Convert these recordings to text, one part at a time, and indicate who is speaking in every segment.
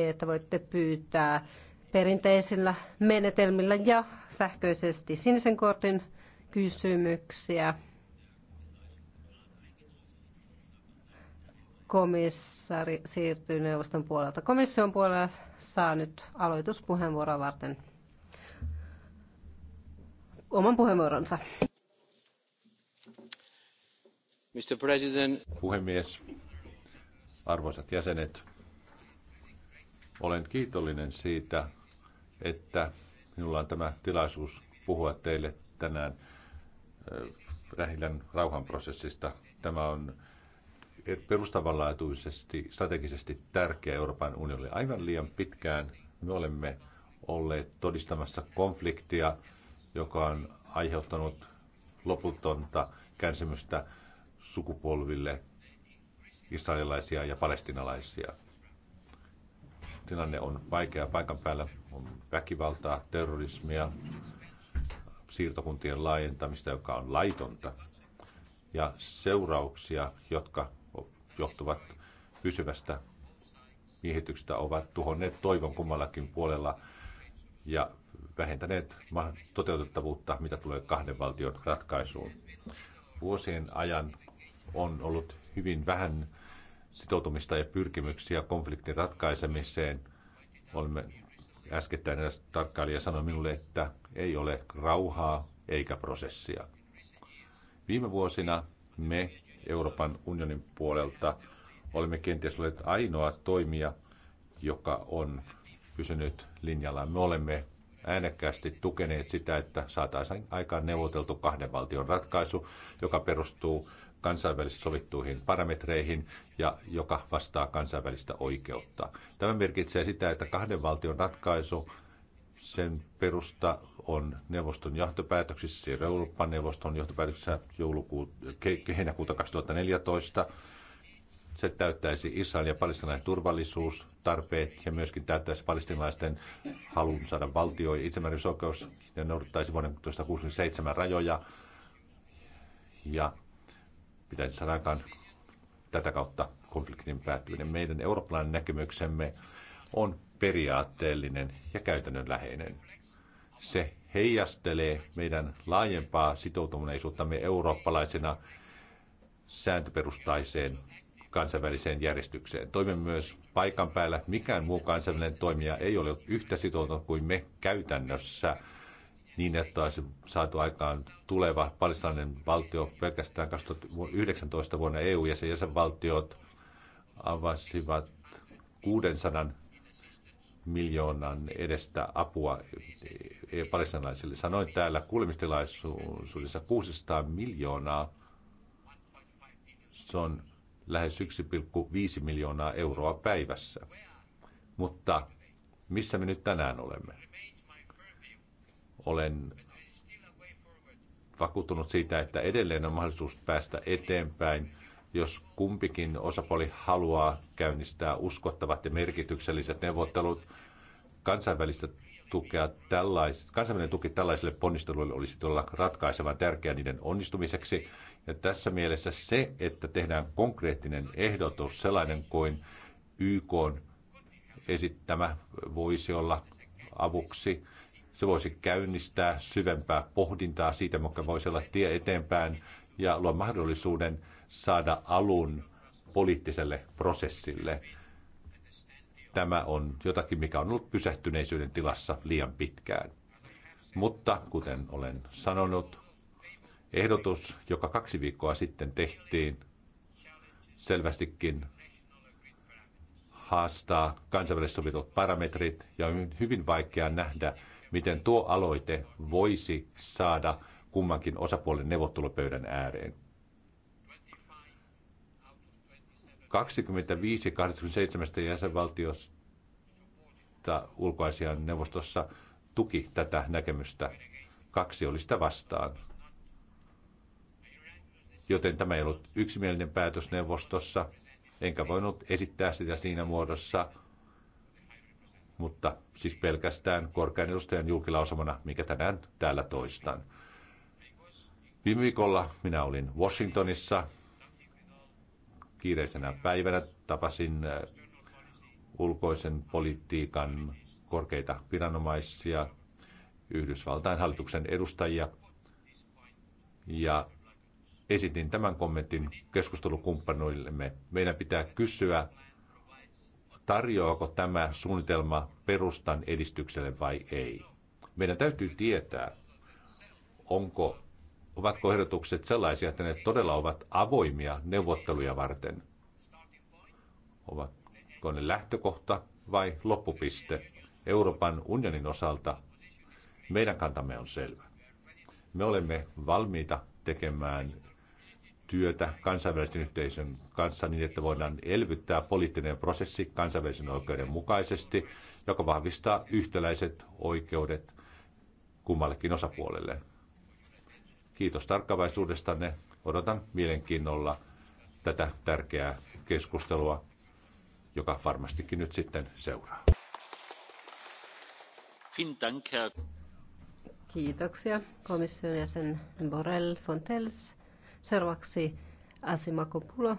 Speaker 1: että voitte pyytää perinteisillä menetelmillä ja sähköisesti sinisen kortin kysymyksiä komissaari siirtyy neuvoston puolelta komission puolella, saa nyt aloituspuheenvuoroa varten oman puheenvuoronsa.
Speaker 2: Mr. President. Puhemies, arvoisat jäsenet, olen kiitollinen siitä, että minulla on tämä tilaisuus puhua teille tänään äh, Rähilän rauhanprosessista. Tämä on perustavanlaatuisesti, strategisesti tärkeä Euroopan unionille. Aivan liian pitkään me olemme olleet todistamassa konfliktia, joka on aiheuttanut loputonta kärsimystä sukupolville israelilaisia ja palestinalaisia tilanne on vaikea paikan päällä. On väkivaltaa, terrorismia, siirtokuntien laajentamista, joka on laitonta, ja seurauksia, jotka johtuvat pysyvästä miehityksestä, ovat tuhonneet toivon kummallakin puolella ja vähentäneet toteutettavuutta, mitä tulee kahden valtion ratkaisuun. Vuosien ajan on ollut hyvin vähän sitoutumista ja pyrkimyksiä konfliktin ratkaisemiseen. Olemme äskettäin edes tarkkailija sanoi minulle, että ei ole rauhaa eikä prosessia. Viime vuosina me Euroopan unionin puolelta olemme kenties olleet ainoa toimija, joka on pysynyt linjalla. Me olemme äänekkäästi tukeneet sitä, että saataisiin aikaan neuvoteltu kahden valtion ratkaisu, joka perustuu kansainvälisesti sovittuihin parametreihin ja joka vastaa kansainvälistä oikeutta. Tämä merkitsee sitä, että kahden valtion ratkaisu, sen perusta on neuvoston johtopäätöksissä, siellä siis Euroopan neuvoston johtopäätöksissä joulukuut, ke, heinäkuuta 2014. Se täyttäisi Israelin ja palestinainen turvallisuustarpeet, ja myöskin täyttäisi palestinaisten halun saada valtio- ja itsemääräämisoikeus ja noudattaisi vuoden 1967 rajoja ja pitäisi saada aikaan tätä kautta konfliktin päättyminen. Meidän eurooppalainen näkemyksemme on periaatteellinen ja käytännönläheinen. Se heijastelee meidän laajempaa sitoutuneisuuttamme eurooppalaisena sääntöperustaiseen kansainväliseen järjestykseen. Toimen myös paikan päällä. Mikään muu kansainvälinen toimija ei ole yhtä sitoutunut kuin me käytännössä niin, että olisi saatu aikaan tuleva palestinainen valtio pelkästään 2019 vuonna EU ja sen jäsenvaltiot avasivat 600 miljoonan edestä apua e palestinaisille. Sanoin täällä kuulemistilaisuudessa 600 miljoonaa. Se on lähes 1,5 miljoonaa euroa päivässä. Mutta missä me nyt tänään olemme? Olen vakuuttunut siitä, että edelleen on mahdollisuus päästä eteenpäin, jos kumpikin osapuoli haluaa käynnistää uskottavat ja merkitykselliset neuvottelut. Kansainvälistä tukea tällais, kansainvälinen tuki tällaisille ponnisteluille olisi todella ratkaisevan tärkeä niiden onnistumiseksi. Ja tässä mielessä se, että tehdään konkreettinen ehdotus sellainen kuin YK esittämä voisi olla avuksi se voisi käynnistää syvempää pohdintaa siitä, mikä voisi olla tie eteenpäin ja luo mahdollisuuden saada alun poliittiselle prosessille. Tämä on jotakin, mikä on ollut pysähtyneisyyden tilassa liian pitkään. Mutta kuten olen sanonut, ehdotus, joka kaksi viikkoa sitten tehtiin, selvästikin haastaa kansainvälisesti sovitut parametrit ja on hyvin vaikea nähdä, miten tuo aloite voisi saada kummankin osapuolen neuvottelupöydän ääreen. 25-27 jäsenvaltiosta ulkoasian neuvostossa tuki tätä näkemystä. Kaksi oli sitä vastaan. Joten tämä ei ollut yksimielinen päätös neuvostossa, enkä voinut esittää sitä siinä muodossa, mutta siis pelkästään korkean edustajan julkilausumana, mikä tänään täällä toistan. Viime viikolla minä olin Washingtonissa. Kiireisenä päivänä tapasin äh, ulkoisen politiikan korkeita viranomaisia, Yhdysvaltain hallituksen edustajia. Ja esitin tämän kommentin keskustelukumppanuillemme. Meidän pitää kysyä, tarjoako tämä suunnitelma perustan edistykselle vai ei. Meidän täytyy tietää, onko, ovatko ehdotukset sellaisia, että ne todella ovat avoimia neuvotteluja varten. Ovatko ne lähtökohta vai loppupiste? Euroopan unionin osalta meidän kantamme on selvä. Me olemme valmiita tekemään työtä kansainvälisen yhteisön kanssa niin, että voidaan elvyttää poliittinen prosessi kansainvälisen oikeuden mukaisesti, joka vahvistaa yhtäläiset oikeudet kummallekin osapuolelle. Kiitos tarkkavaisuudestanne. Odotan mielenkiinnolla tätä tärkeää keskustelua, joka varmastikin nyt sitten seuraa.
Speaker 3: Kiitoksia
Speaker 1: komission jäsen Borrell Fontels. Seuraavaksi Asimakopulo,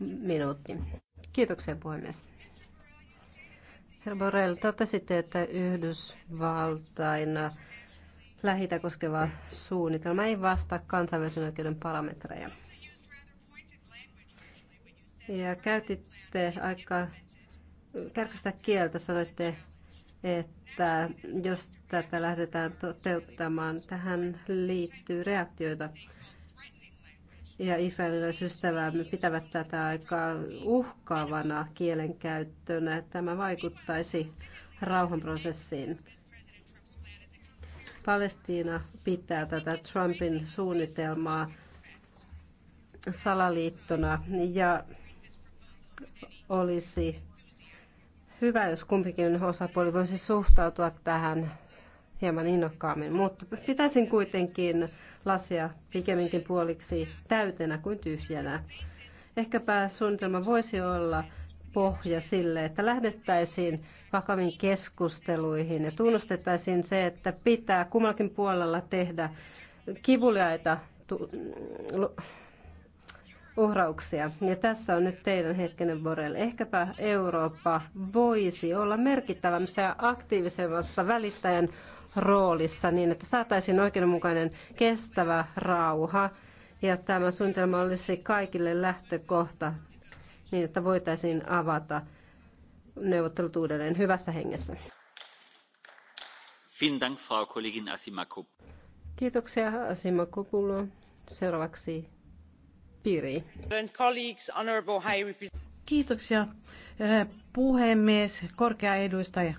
Speaker 1: minuutti. Kiitoksia puhemies. Herra Borrell, totesitte, että Yhdysvaltain lähitä koskeva suunnitelma ei vastaa kansainvälisen oikeuden parametreja. Ja käytitte aika kärkästä kieltä, sanoitte, että jos tätä lähdetään toteuttamaan, tähän liittyy reaktioita ja israelilaisystävämme pitävät tätä aika uhkaavana kielenkäyttönä. Tämä vaikuttaisi rauhanprosessiin. Palestiina pitää tätä Trumpin suunnitelmaa salaliittona ja olisi hyvä, jos kumpikin osapuoli voisi suhtautua tähän hieman innokkaammin, mutta pitäisin kuitenkin lasia pikemminkin puoliksi täytenä kuin tyhjänä. Ehkäpä suunnitelma voisi olla pohja sille, että lähdettäisiin vakaviin keskusteluihin ja tunnustettaisiin se, että pitää kummallakin puolella tehdä kivuliaita uhrauksia. Ja tässä on nyt teidän hetkinen Borel. Ehkäpä Eurooppa voisi olla merkittävämmässä ja aktiivisemmassa välittäjän roolissa niin, että saataisiin oikeudenmukainen kestävä rauha. Ja tämä suunnitelma olisi kaikille lähtökohta niin, että voitaisiin avata neuvottelut uudelleen hyvässä hengessä. Frau Kollegin Kiitoksia Asimakopoulou. Seuraavaksi Piri.
Speaker 4: Kiitoksia eh, puhemies, korkea edustaja.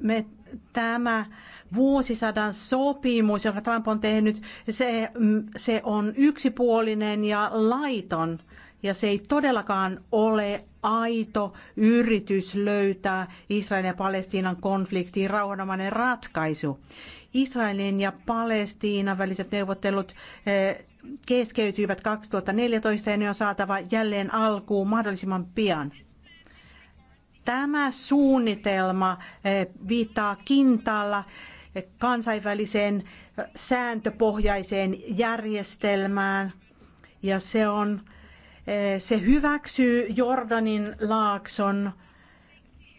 Speaker 4: Me tämä vuosisadan sopimus, jonka Trump on tehnyt, se, mm, se on yksipuolinen ja laiton. Ja se ei todellakaan ole aito yritys löytää Israelin ja Palestiinan konfliktiin rauhanomainen ratkaisu. Israelin ja Palestiinan väliset neuvottelut eh, keskeytyivät 2014 ja ne on saatava jälleen alkuun mahdollisimman pian. Tämä suunnitelma eh, viittaa kintaalla eh, kansainväliseen eh, sääntöpohjaiseen järjestelmään ja se, on, se hyväksyy Jordanin laakson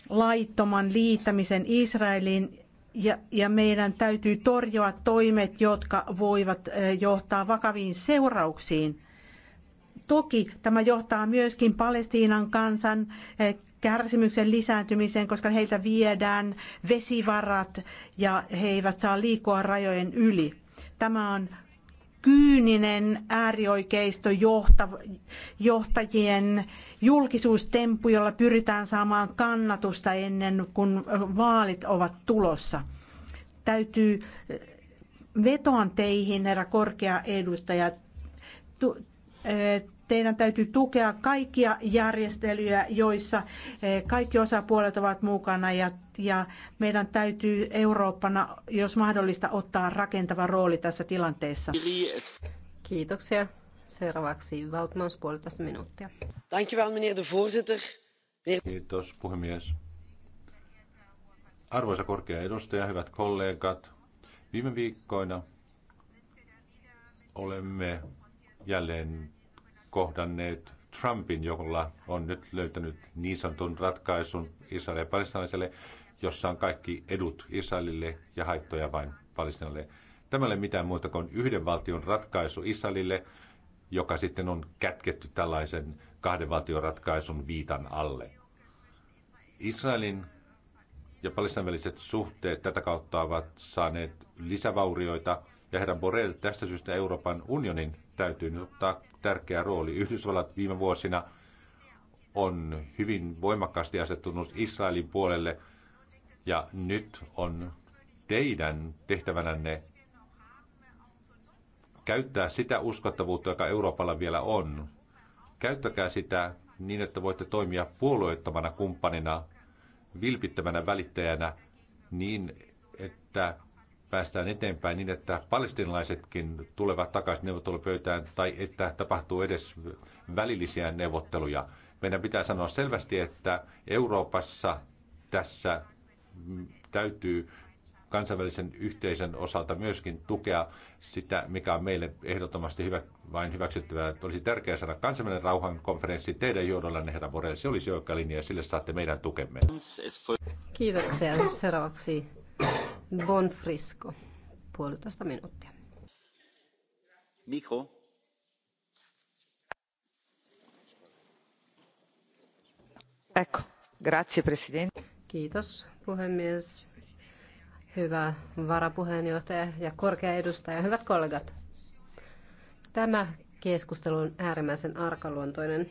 Speaker 4: laittoman liittämisen Israeliin ja, ja meidän täytyy torjua toimet, jotka voivat eh, johtaa vakaviin seurauksiin. Toki tämä johtaa myöskin Palestiinan kansan eh, kärsimyksen lisääntymiseen, koska heiltä viedään vesivarat ja he eivät saa liikkua rajojen yli. Tämä on kyyninen äärioikeistojohtajien julkisuustemppu, jolla pyritään saamaan kannatusta ennen kuin vaalit ovat tulossa. Täytyy eh, vetoan teihin, herra korkea edustaja, eh, teidän täytyy tukea kaikkia järjestelyjä, joissa eh, kaikki osapuolet ovat mukana ja, ja meidän täytyy Eurooppana, jos mahdollista, ottaa rakentava rooli tässä tilanteessa. Kiitoksia.
Speaker 1: Seuraavaksi Valtmans puolitoista minuuttia.
Speaker 5: Dankjewel, meneer de voorzitter.
Speaker 2: Kiitos, puhemies. Arvoisa korkea edustaja, hyvät kollegat. Viime viikkoina olemme jälleen kohdanneet Trumpin, jolla on nyt löytänyt niin sanotun ratkaisun Israelille ja palestinaiselle, jossa on kaikki edut Israelille ja haittoja vain palestinaiselle. Tämä ei ole mitään muuta kuin yhden valtion ratkaisu Israelille, joka sitten on kätketty tällaisen kahden valtion ratkaisun viitan alle. Israelin ja palestinan väliset suhteet tätä kautta ovat saaneet lisävaurioita – ja herra Borrell, tästä syystä Euroopan unionin täytyy nyt ottaa tärkeä rooli. Yhdysvallat viime vuosina on hyvin voimakkaasti asettunut Israelin puolelle ja nyt on teidän tehtävänänne käyttää sitä uskottavuutta, joka Euroopalla vielä on. Käyttäkää sitä niin, että voitte toimia puolueettomana kumppanina, vilpittömänä välittäjänä, niin että päästään eteenpäin niin, että palestinalaisetkin tulevat takaisin neuvottelupöytään tai että tapahtuu edes välillisiä neuvotteluja. Meidän pitää sanoa selvästi, että Euroopassa tässä täytyy kansainvälisen yhteisön osalta myöskin tukea sitä, mikä on meille ehdottomasti hyvä, vain hyväksyttävää. Olisi tärkeää saada kansainvälinen rauhankonferenssi teidän johdollanne, herra Borrell. Se olisi oikea linja ja sille saatte meidän tukemme.
Speaker 1: Kiitoksia. Seuraavaksi Bonfrisco, puolitoista minuuttia.
Speaker 3: Mikro.
Speaker 5: Ecco, grazie presidente.
Speaker 1: Kiitos puhemies. Hyvä varapuheenjohtaja ja korkea edustaja, hyvät kollegat. Tämä keskustelu on äärimmäisen arkaluontoinen.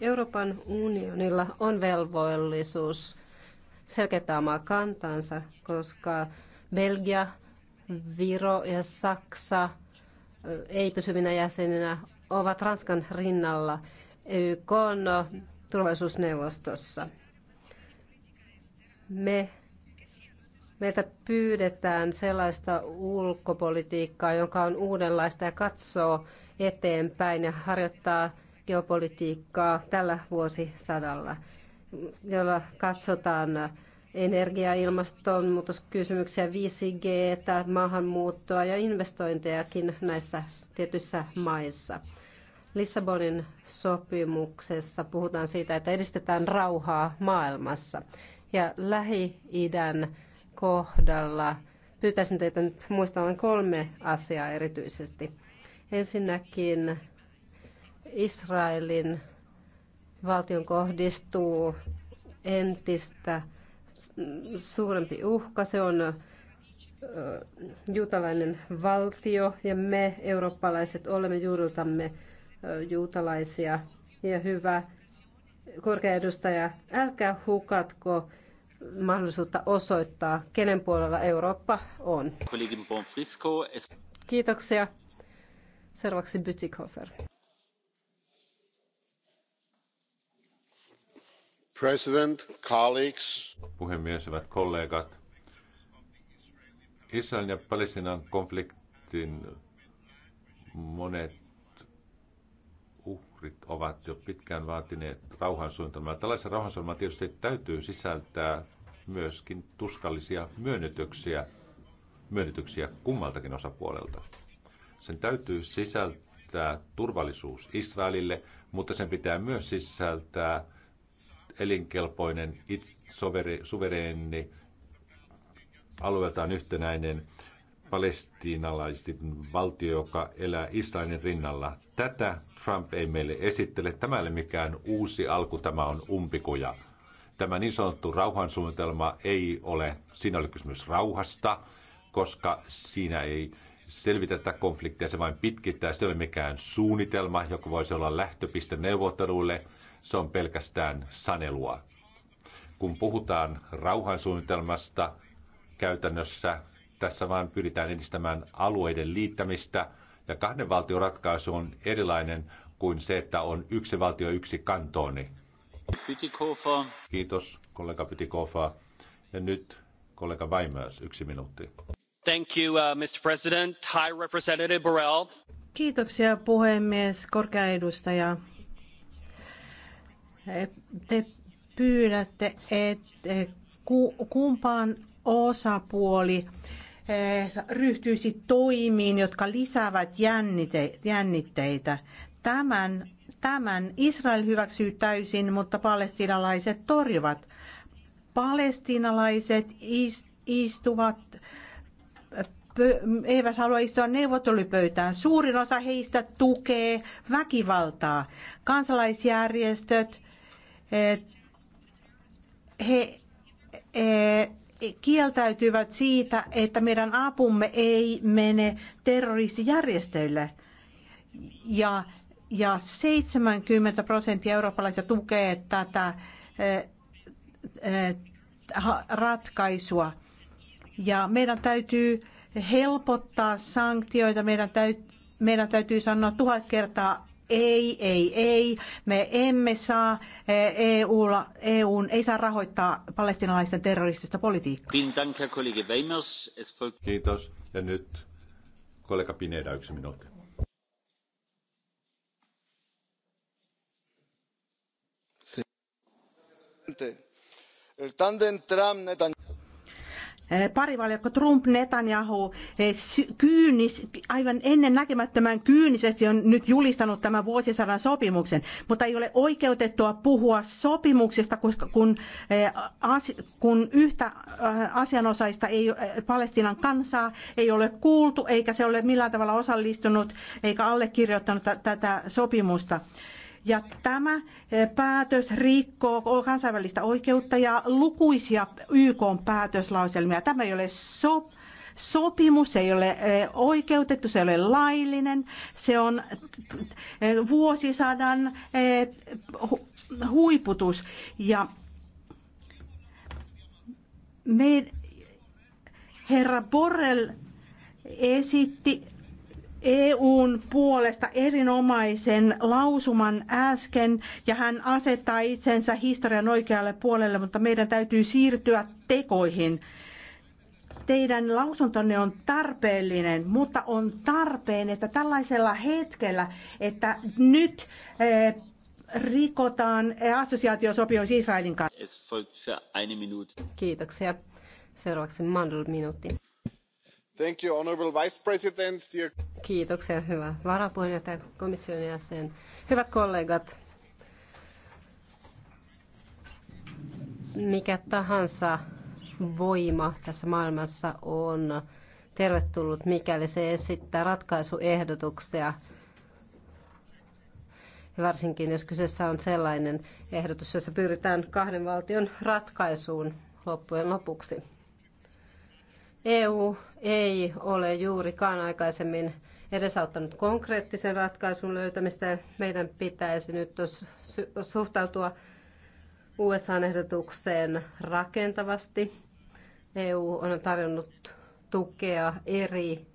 Speaker 1: Euroopan unionilla on velvollisuus selkeyttää omaa kantansa, koska Belgia, Viro ja Saksa ei pysyvinä jäseninä ovat Ranskan rinnalla YK turvallisuusneuvostossa. Me, meiltä pyydetään sellaista ulkopolitiikkaa, joka on uudenlaista ja katsoo eteenpäin ja harjoittaa geopolitiikkaa tällä vuosisadalla, jolla katsotaan energia- ja ilmastonmuutoskysymyksiä, 5G, maahanmuuttoa ja investointejakin näissä tietyissä maissa. Lissabonin sopimuksessa puhutaan siitä, että edistetään rauhaa maailmassa. Ja Lähi-idän kohdalla pyytäisin teitä nyt muistamaan kolme asiaa erityisesti. Ensinnäkin Israelin valtion kohdistuu entistä suurempi uhka. Se on juutalainen valtio ja me eurooppalaiset olemme juuriltamme juutalaisia. Ja hyvä korkea edustaja, älkää hukatko mahdollisuutta osoittaa, kenen puolella Eurooppa on. Kiitoksia. Seuraavaksi Bytikofer.
Speaker 3: President, colleagues.
Speaker 2: Puhemies, hyvät kollegat. Israelin ja Palestinan konfliktin monet uhrit ovat jo pitkään vaatineet rauhansuunnitelmaa. Tällaisen rauhansuunnitelman tietysti täytyy sisältää myöskin tuskallisia myönnytyksiä, myönnytyksiä kummaltakin osapuolelta. Sen täytyy sisältää turvallisuus Israelille, mutta sen pitää myös sisältää elinkelpoinen, suvereeni, alueeltaan yhtenäinen palestiinalaisesti valtio, joka elää Israelin rinnalla. Tätä Trump ei meille esittele. Tämä ei ole mikään uusi alku, tämä on umpikuja. Tämä niin sanottu rauhansuunnitelma ei ole, siinä oli kysymys rauhasta, koska siinä ei selvitä tätä konfliktia, se vain pitkittää. Se ei ole mikään suunnitelma, joka voisi olla lähtöpiste neuvotteluille – se on pelkästään sanelua. Kun puhutaan rauhansuunnitelmasta käytännössä, tässä vaan pyritään edistämään alueiden liittämistä, ja kahden valtion ratkaisu on erilainen kuin se, että on yksi valtio yksi kantooni.
Speaker 3: Pytikofa.
Speaker 2: Kiitos kollega Pytikofa. Ja nyt kollega Weimers, yksi minuutti. Thank you, uh, Mr. President. High Representative Burrell.
Speaker 4: Kiitoksia puhemies, korkea edustaja te pyydätte, että kumpaan osapuoli eh, ryhtyisi toimiin, jotka lisäävät jännitteitä. Tämän, tämän Israel hyväksyy täysin, mutta palestinalaiset torjuvat. Palestinalaiset istuvat eivät halua istua neuvottelupöytään. Suurin osa heistä tukee väkivaltaa. Kansalaisjärjestöt he kieltäytyvät siitä, että meidän apumme ei mene terroristijärjestöille. Ja, ja 70 prosenttia eurooppalaisia tukee tätä eh, eh, ratkaisua. Ja meidän täytyy helpottaa sanktioita, meidän täytyy, meidän täytyy sanoa tuhat kertaa ei, ei, ei, me emme saa, eh, EUlla, EUn ei saa rahoittaa palestinalaisten terroristista politiikkaa.
Speaker 2: Kiitos. Ja nyt kollega Pineda, yksi minuutti.
Speaker 1: El tandem Trump-Netanyahu
Speaker 4: Eh, parivaljakko Trump Netanyahu eh, kyynis, aivan ennen näkemättömän kyynisesti on nyt julistanut tämän vuosisadan sopimuksen, mutta ei ole oikeutettua puhua sopimuksesta, koska kun, eh, kun yhtä asianosaista ei, Palestinan kansaa ei ole kuultu, eikä se ole millään tavalla osallistunut eikä allekirjoittanut tätä sopimusta. Ja tämä eh, päätös rikkoo kansainvälistä oikeutta ja lukuisia YK-päätöslauselmia. Tämä ei ole sop sopimus, ei ole eh, oikeutettu, se ei ole laillinen, se on eh, vuosisadan huiputus. Ja me, herra Borrell esitti EUn puolesta erinomaisen lausuman äsken ja hän asettaa itsensä historian oikealle puolelle, mutta meidän täytyy siirtyä tekoihin. Teidän lausuntonne on tarpeellinen, mutta on tarpeen, että tällaisella hetkellä, että nyt eh, rikotaan eh, assosiaatiosopimus Israelin kanssa.
Speaker 1: Kiitoksia. Seuraavaksi Mandel minuutti.
Speaker 3: Thank you, honorable vice president.
Speaker 1: Kiitoksia, hyvä varapuheenjohtaja, komission jäsen. Hyvät kollegat, mikä tahansa voima tässä maailmassa on tervetullut, mikäli se esittää ratkaisuehdotuksia. Varsinkin jos kyseessä on sellainen ehdotus, jossa pyritään kahden valtion ratkaisuun loppujen lopuksi. EU ei ole juurikaan aikaisemmin edesauttanut konkreettisen ratkaisun löytämistä. Meidän pitäisi nyt suhtautua USA-ehdotukseen rakentavasti. EU on tarjonnut tukea eri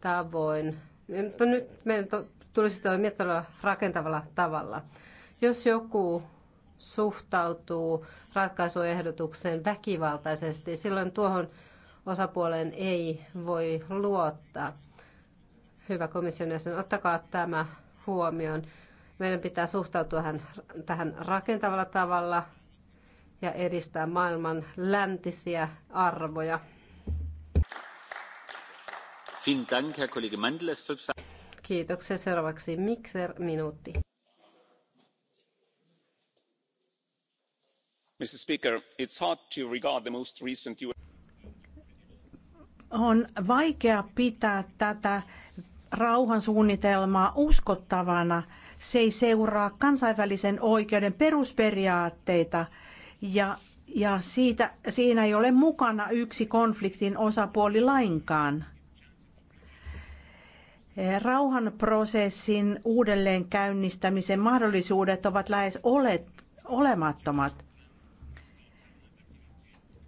Speaker 1: tavoin. Mutta nyt meidän tulisi toimia todella rakentavalla tavalla. Jos joku suhtautuu ratkaisuehdotukseen väkivaltaisesti, silloin tuohon osapuoleen ei voi luottaa. Hyvä komission jäsen, ottakaa tämä huomioon. Meidän pitää suhtautua tähän rakentavalla tavalla ja edistää maailman läntisiä arvoja. Kiitoksia. Seuraavaksi Mikser minuutti.
Speaker 3: Mr. Speaker, it's hard to regard the most recent
Speaker 4: on vaikea pitää tätä rauhansuunnitelmaa uskottavana. Se ei seuraa kansainvälisen oikeuden perusperiaatteita ja, ja siitä, siinä ei ole mukana yksi konfliktin osapuoli lainkaan. Rauhanprosessin uudelleen käynnistämisen mahdollisuudet ovat lähes olet, olemattomat.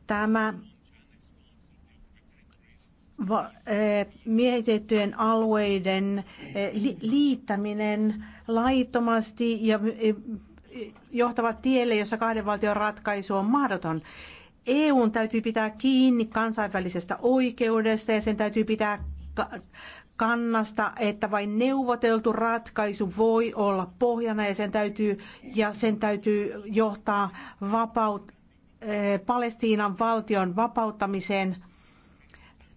Speaker 4: Tämä Eh, miehitettyjen alueiden eh, liittäminen laittomasti ja eh, johtavat tielle, jossa kahden valtion ratkaisu on mahdoton. EUn täytyy pitää kiinni kansainvälisestä oikeudesta ja sen täytyy pitää kannasta, että vain neuvoteltu ratkaisu voi olla pohjana ja sen täytyy, ja sen täytyy johtaa vapaut, Palestiinan valtion vapauttamiseen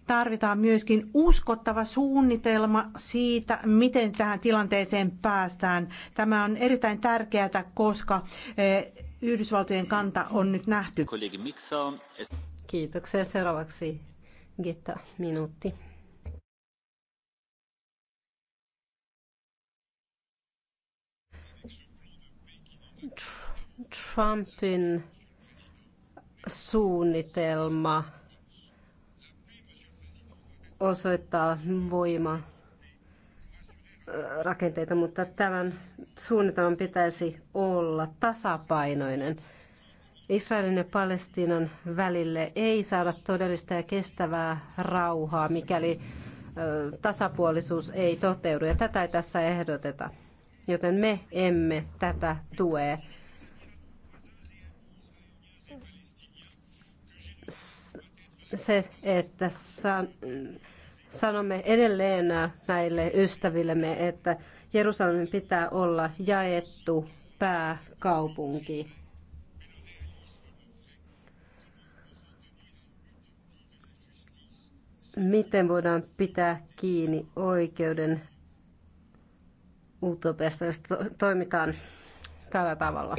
Speaker 4: tarvitaan myöskin uskottava suunnitelma siitä, miten tähän tilanteeseen päästään. Tämä on erittäin tärkeää, koska eh, Yhdysvaltojen kanta on nyt nähty. Kiitoksia. Seuraavaksi Gitta, minuutti.
Speaker 1: Trumpin suunnitelma osoittaa voima rakenteita, mutta tämän suunnitelman pitäisi olla tasapainoinen. Israelin ja Palestiinan välille ei saada todellista ja kestävää rauhaa, mikäli tasapuolisuus ei toteudu. Ja tätä ei tässä ehdoteta, joten me emme tätä tue. Se, että Sanomme edelleen näille ystävillemme, että Jerusalemin pitää olla jaettu pääkaupunki. Miten voidaan pitää kiinni oikeuden utopiasta, jos toimitaan
Speaker 3: tällä tavalla.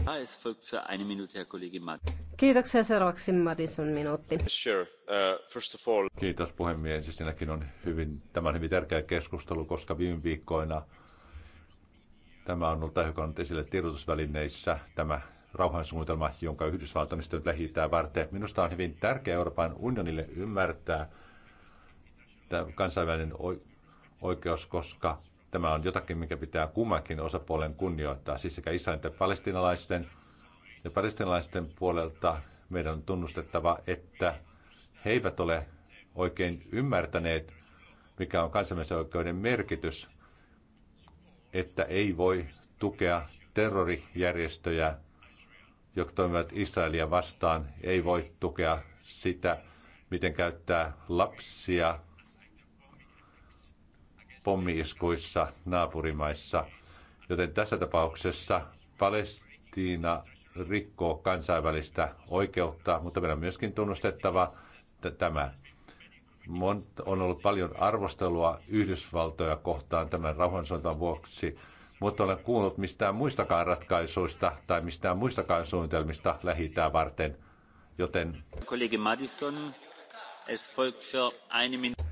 Speaker 1: Kiitoksia seuraavaksi Madison minuutti.
Speaker 2: Uh, Kiitos puhemies. Sinäkin on hyvin, tämä on hyvin tärkeä keskustelu, koska viime viikkoina tämä on ollut tähykan esille tiedotusvälineissä, tämä rauhansuunnitelma, jonka Yhdysvaltamista nyt lähittää varten. Minusta on hyvin tärkeää Euroopan unionille ymmärtää tämä kansainvälinen oikeus, koska Tämä on jotakin, mikä pitää kummankin osapuolen kunnioittaa, siis sekä Israelin että palestinalaisten. Ja palestinalaisten puolelta meidän on tunnustettava, että he eivät ole oikein ymmärtäneet, mikä on kansainvälisen oikeuden merkitys, että ei voi tukea terrorijärjestöjä, jotka toimivat Israelia vastaan, ei voi tukea sitä, miten käyttää lapsia pommiiskuissa naapurimaissa. Joten tässä tapauksessa Palestiina rikkoo kansainvälistä oikeutta, mutta meidän on myöskin tunnustettava tämä. On ollut paljon arvostelua Yhdysvaltoja kohtaan tämän rauhansuuntaan vuoksi, mutta olen kuullut mistään muistakaan ratkaisuista tai mistään muistakaan suunnitelmista lähitää varten. Joten...
Speaker 3: Kollegi Madison, es folgt für eine Minute.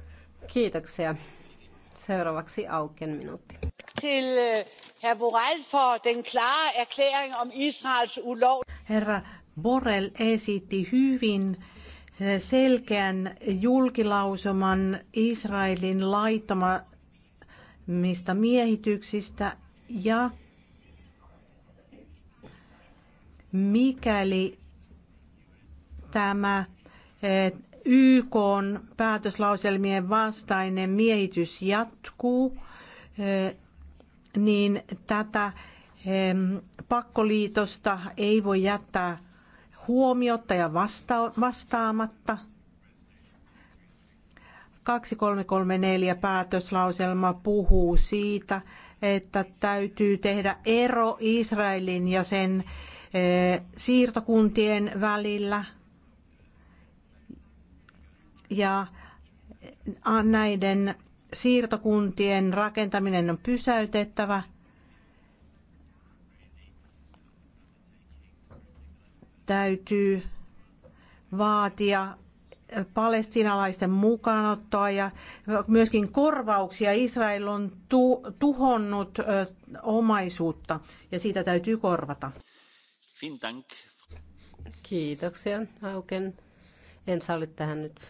Speaker 1: Kiitoksia. Seuraavaksi Auken minuutti.
Speaker 4: Til øh, herr Borrell for den klare erklæring om Israels ulov. Herra Borrell esitti hyvin äh, selkeän julkilausuman Israelin laittomista miehityksistä ja mikäli tämä äh, YK on päätöslauselmien vastainen miehitys jatkuu, eh, niin tätä pakkoliitosta ei voi jättää huomiotta ja vasta- vastaamatta. 2334 päätöslauselma puhuu siitä, että täytyy tehdä ero Israelin ja sen eh, siirtokuntien välillä – ja näiden siirtokuntien rakentaminen on pysäytettävä. Täytyy vaatia palestinalaisten mukaanottoa ja myöskin korvauksia. Israel on tu- tuhonnut ö, omaisuutta ja siitä täytyy korvata. Kiitoksia,
Speaker 1: Hauken. En salli tähän nyt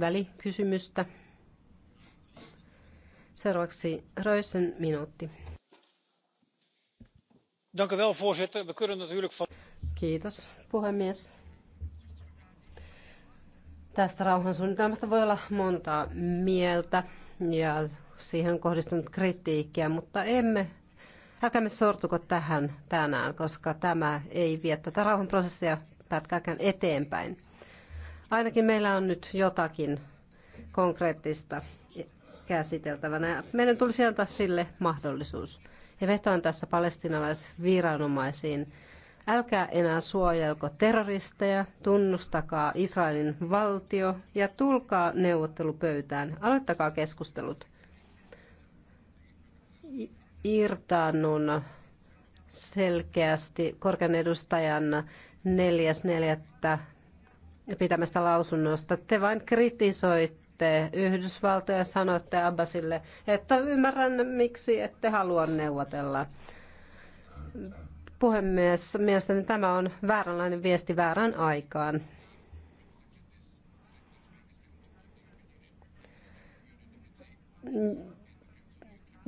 Speaker 1: välikysymystä. Seuraavaksi Röysen minuutti. Kiitos puhemies. Tästä rauhansuunnitelmasta voi olla montaa mieltä ja siihen on kohdistunut kritiikkiä, mutta emme, älkäämme sortuko tähän tänään, koska tämä ei vie tätä rauhanprosessia pätkääkään eteenpäin. Ainakin meillä on nyt jotakin konkreettista käsiteltävänä. Meidän tulisi antaa sille mahdollisuus. Ja vetoan tässä palestinalaisviranomaisiin. Älkää enää suojelko terroristeja, tunnustakaa Israelin valtio ja tulkaa neuvottelupöytään. Aloittakaa keskustelut. Irtaannun selkeästi korkean edustajan pitämästä lausunnosta. Te vain kritisoitte Yhdysvaltoja ja sanotte Abbasille, että ymmärrän miksi ette halua neuvotella. Puhemies, mielestäni tämä on vääränlainen viesti väärän aikaan.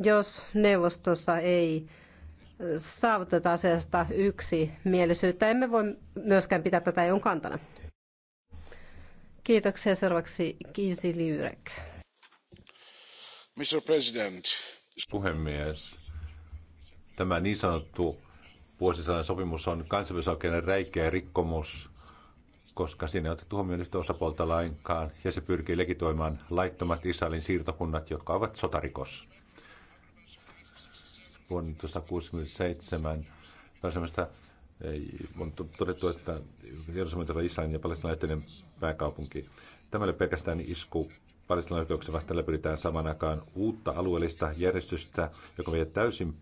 Speaker 1: Jos neuvostossa ei saavuteta asiasta yksi mielisyyttä. Emme voi myöskään pitää tätä EUn kantana. Kiitoksia seuraavaksi Kiisi Lyyrek.
Speaker 2: Mr. President. Puhemies. Tämä niin sanottu vuosisadan sopimus on kansainvälisoikeuden räikeä rikkomus, koska siinä ei otettu huomioon yhtä osapuolta lainkaan, ja se pyrkii legitoimaan laittomat Israelin siirtokunnat, jotka ovat sotarikos. Vuonna 1967 on todettu, että Jerusalem on Israelin ja palestinaisten pääkaupunki. Tämä ei pelkästään isku palestinaisen vasta tällä pyritään saman aikaan uutta alueellista järjestystä, joka vie täysin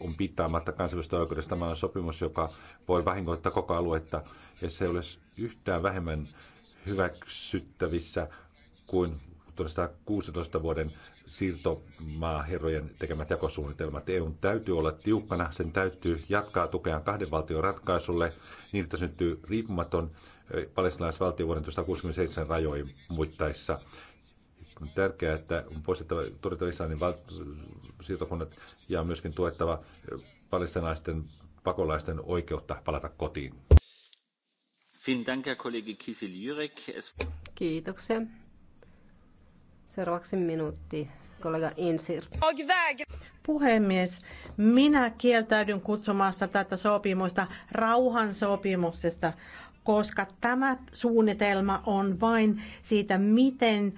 Speaker 2: on pitämättä kansainvälistä oikeudesta. Tämä on sopimus, joka voi vahingoittaa koko aluetta, ja se olisi yhtään vähemmän hyväksyttävissä kuin 1916 vuoden siirtomaaherrojen tekemät jakosuunnitelmat. EUn täytyy olla tiukkana, sen täytyy jatkaa tukeaan kahden valtion ratkaisulle niin, että syntyy riippumaton palestinaisvaltio vuoden 1967 rajoihin muittaessa on tärkeää, että on poistettava, todettava Israelin val- siirtokunnat ja myöskin tuettava palestinaisten pakolaisten oikeutta palata kotiin.
Speaker 1: Kiitoksia.
Speaker 4: Seuraavaksi minuutti kollega Insir. Puhemies, minä kieltäydyn kutsumasta tätä sopimusta rauhansopimuksesta, koska tämä suunnitelma on vain siitä, miten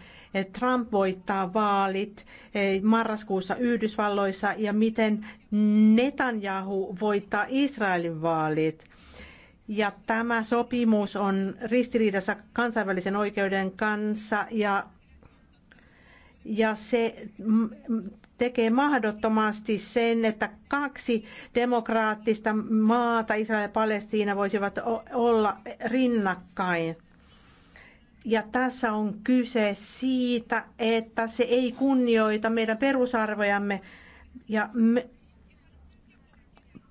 Speaker 4: Trump voittaa vaalit eh, marraskuussa Yhdysvalloissa ja miten Netanyahu voittaa Israelin vaalit. Ja tämä sopimus on ristiriidassa kansainvälisen oikeuden kanssa ja ja se tekee mahdottomasti sen, että kaksi demokraattista maata, Israel ja Palestiina, voisivat olla rinnakkain. Ja tässä on kyse siitä, että se ei kunnioita meidän perusarvojamme ja me,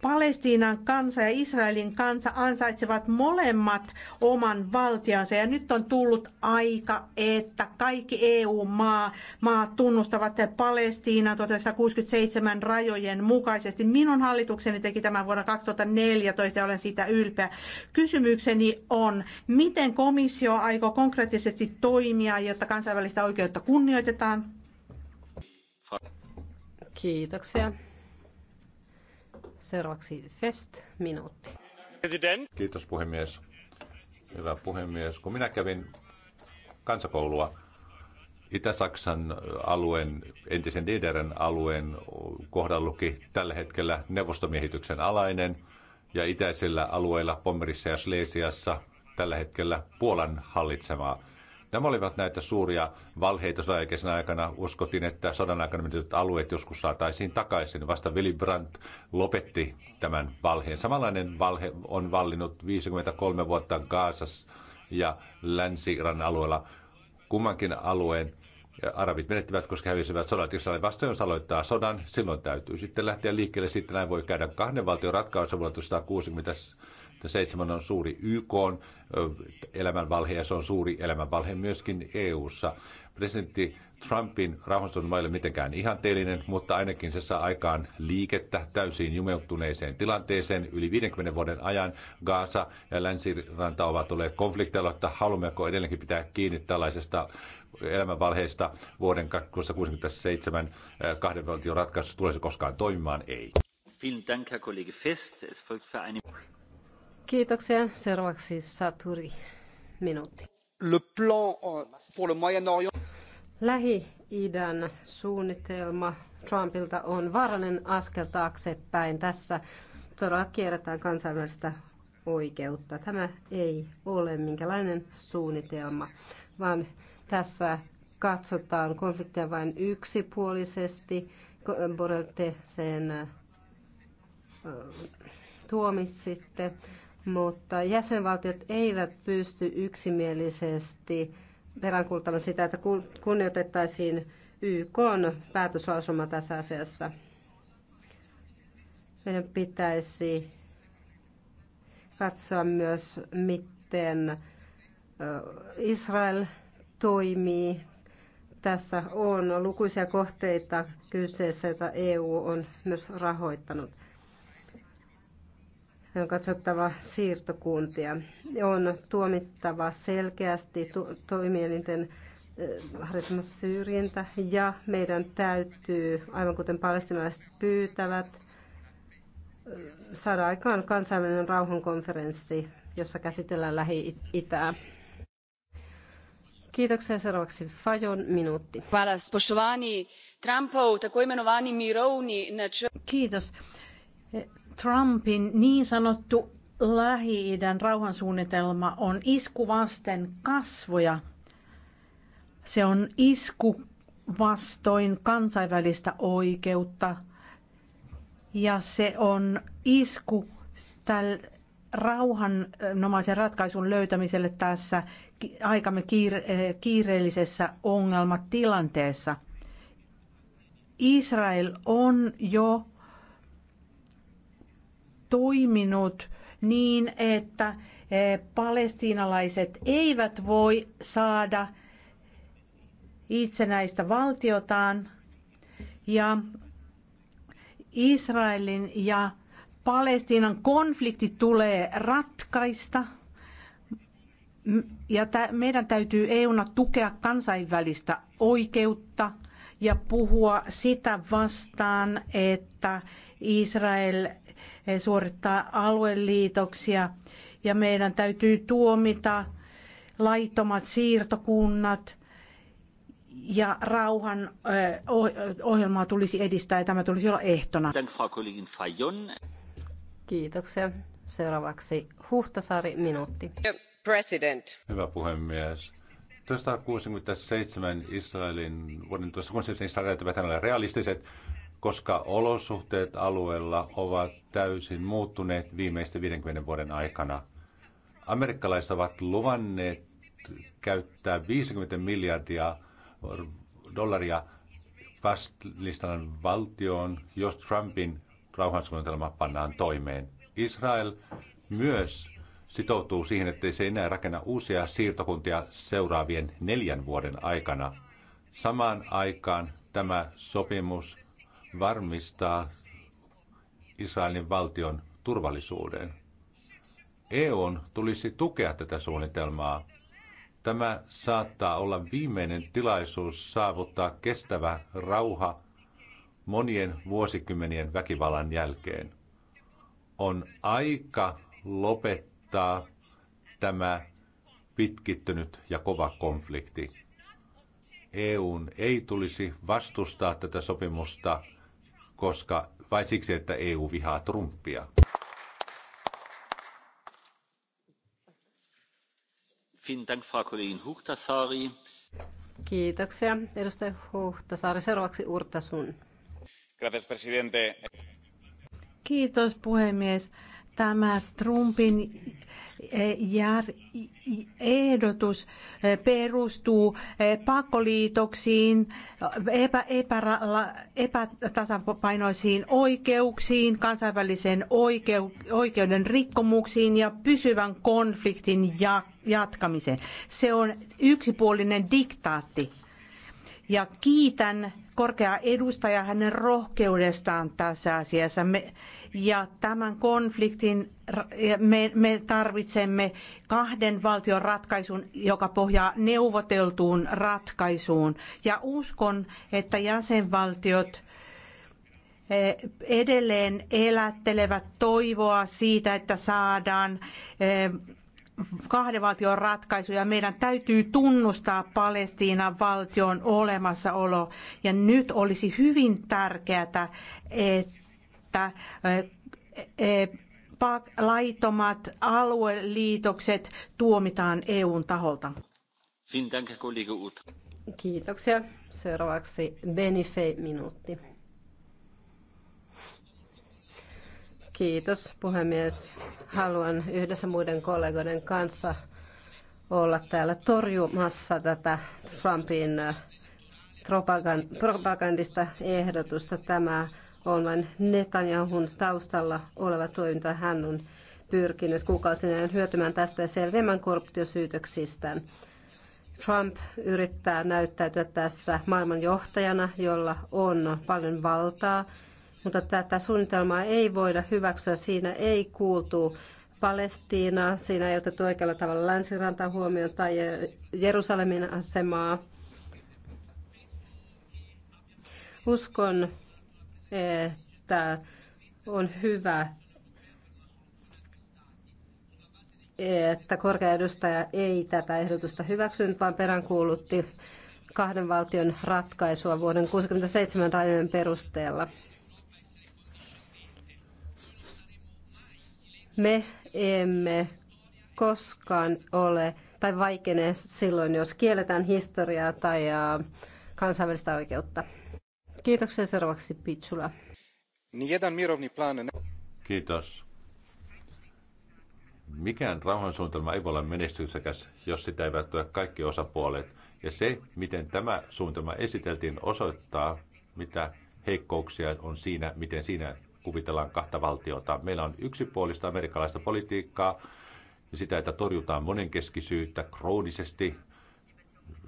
Speaker 4: Palestiinan kansa ja Israelin kansa ansaitsevat molemmat oman valtionsa ja nyt on tullut aika, että kaikki EU-maa maat tunnustavat Palestiinan 1967 rajojen mukaisesti. Minun hallitukseni teki tämän vuonna 2014 ja olen siitä ylpeä. Kysymykseni on, miten komissio aikoo konkreettisesti toimia, jotta kansainvälistä oikeutta kunnioitetaan? Kiitoksia.
Speaker 1: Seuraavaksi Fest minuutti.
Speaker 2: Kiitos puhemies. Hyvä puhemies. Kun minä kävin kansakoulua Itä-Saksan alueen, entisen DDRn alueen kohdan luki tällä hetkellä neuvostomiehityksen alainen ja itäisillä alueilla Pommerissa ja Schlesiassa tällä hetkellä Puolan hallitsemaa. Nämä olivat näitä suuria valheita sodan aikana. Uskottiin, että sodan aikana menetetyt alueet joskus saataisiin takaisin. Vasta Willy Brandt lopetti tämän valheen. Samanlainen valhe on vallinnut 53 vuotta Gaasas ja Länsi-Iran alueella. Kummankin alueen arabit menettivät, koska hävisivät sodat. Jos vasta jos aloittaa sodan, silloin täytyy sitten lähteä liikkeelle. Sitten näin voi käydä kahden valtion ratkaisu vuonna 1960 seitsemän on suuri YK on elämänvalhe ja se on suuri elämänvalhe myöskin EU:ssa. Presidentti Trumpin rauhansopimus ei ole mitenkään ihanteellinen, mutta ainakin se saa aikaan liikettä täysin jumeuttuneeseen tilanteeseen. Yli 50 vuoden ajan Gaasa ja länsiranta ovat olleet konflikteilla, että haluammeko edelleenkin pitää kiinni tällaisesta elämänvalheesta vuoden 1967 kahden valtion ratkaisu tulee se koskaan toimimaan? Ei. Vielen Dank, Herr Kollege Fest. Es folgt für eine...
Speaker 1: Kiitoksia. Seuraavaksi Saturi, minuutti. Le
Speaker 3: plan euh, pour le Moyen-Orient.
Speaker 1: Lähi-idän suunnitelma Trumpilta on vaarallinen askel taaksepäin. Tässä todella kierretään kansainvälistä oikeutta. Tämä ei ole minkälainen suunnitelma, vaan tässä katsotaan konflikteja vain yksipuolisesti. Borrell, te sen tuomitsitte mutta jäsenvaltiot eivät pysty yksimielisesti peräänkuuluttamaan sitä, että kunnioitettaisiin YK päätöslausuma tässä asiassa. Meidän pitäisi katsoa myös, miten Israel toimii. Tässä on lukuisia kohteita kyseessä, joita EU on myös rahoittanut on katsottava siirtokuntia. On tuomittava selkeästi toimielinten eh, harjoittama syrjintä ja meidän täytyy, aivan kuten palestinaiset pyytävät, eh, saada aikaan kansainvälinen rauhankonferenssi, jossa käsitellään Lähi-Itää. Kiitoksia. Seuraavaksi Fajon minuutti.
Speaker 4: Kiitos. Trumpin niin sanottu Lähi-idän rauhansuunnitelma on isku vasten kasvoja. Se on isku vastoin kansainvälistä oikeutta ja se on isku tälle rauhanomaisen ratkaisun löytämiselle tässä aikamme eh, kiireellisessä ongelmatilanteessa. Israel on jo toiminut niin, että eh, palestiinalaiset eivät voi saada itsenäistä valtiotaan ja Israelin ja Palestiinan konflikti tulee ratkaista ja meidän täytyy EUna tukea kansainvälistä oikeutta ja puhua sitä vastaan, että Israel Eh, suorittaa alueliitoksia ja meidän täytyy tuomita laittomat siirtokunnat ja rauhan eh, ohjelmaa tulisi edistää ja tämä tulisi olla ehtona.
Speaker 1: Kiitoksia. Seuraavaksi Huhtasaari, minuutti. President.
Speaker 2: Hyvä puhemies. 1967 Israelin vuoden 1967 Israelin realistiset koska olosuhteet alueella ovat täysin muuttuneet viimeisten 50 vuoden aikana. Amerikkalaiset ovat luvanneet käyttää 50 miljardia dollaria Palestinan valtioon, jos Trumpin rauhansuunnitelma pannaan toimeen. Israel myös sitoutuu siihen, ettei se enää rakenna uusia siirtokuntia seuraavien neljän vuoden aikana. Samaan aikaan tämä sopimus varmistaa Israelin valtion turvallisuuden. EUn tulisi tukea tätä suunnitelmaa. Tämä saattaa olla viimeinen tilaisuus saavuttaa kestävä rauha monien vuosikymmenien väkivallan jälkeen. On aika lopettaa tämä pitkittynyt ja kova konflikti. EUn ei tulisi vastustaa tätä sopimusta koska vai siksi, että EU vihaa Trumpia.
Speaker 1: Kiitoksia, edustaja Huhtasaari. Seuraavaksi Urta Sun.
Speaker 4: Kiitos, puhemies tämä Trumpin eh, jär, ehdotus eh, perustuu eh, pakkoliitoksiin, epä, epära, epätasapainoisiin oikeuksiin, kansainvälisen oikeu, oikeuden rikkomuksiin ja pysyvän konfliktin jatkamiseen. Se on yksipuolinen diktaatti. Ja kiitän korkea edustaja hänen rohkeudestaan tässä asiassa. Me, ja tämän konfliktin me, me tarvitsemme kahden valtion ratkaisun, joka pohjaa neuvoteltuun ratkaisuun. Ja uskon, että jäsenvaltiot eh, edelleen elättelevät toivoa siitä, että saadaan eh, kahden valtion ratkaisuja. Meidän täytyy tunnustaa Palestiinan valtion olemassaolo. Ja nyt olisi hyvin tärkeää, että e, e, laitomat alueliitokset tuomitaan EUn taholta. Kiitoksia.
Speaker 1: Seuraavaksi Benifei minuutti. Kiitos puhemies. Haluan yhdessä muiden kollegoiden kanssa olla täällä torjumassa tätä Trumpin äh, propagandista ehdotusta. Tämä on vain Netanyahun taustalla oleva toiminta. Hän on pyrkinyt kuukausien hyötymään tästä ja selviämään korruptiosyytöksistään. Trump yrittää näyttäytyä tässä maailmanjohtajana, jolla on paljon valtaa mutta tätä suunnitelmaa ei voida hyväksyä. Siinä ei kuultu Palestiina, siinä ei otettu oikealla tavalla länsiranta huomioon tai Jerusalemin asemaa. Uskon, että on hyvä, että korkea edustaja ei tätä ehdotusta hyväksynyt, vaan peräänkuulutti kahden valtion ratkaisua vuoden 1967 rajojen perusteella. Me emme koskaan ole tai vaikene silloin, jos kielletään historiaa tai kansainvälistä oikeutta. Kiitoksia seuraavaksi Pitsula.
Speaker 2: Kiitos. Mikään rauhansuunnitelma ei voi olla menestyksekäs, jos sitä eivät tue kaikki osapuolet. Ja se, miten tämä suunnitelma esiteltiin, osoittaa, mitä heikkouksia on siinä, miten siinä kuvitellaan kahta valtiota. Meillä on yksipuolista amerikkalaista politiikkaa ja sitä, että torjutaan monenkeskisyyttä kroonisesti.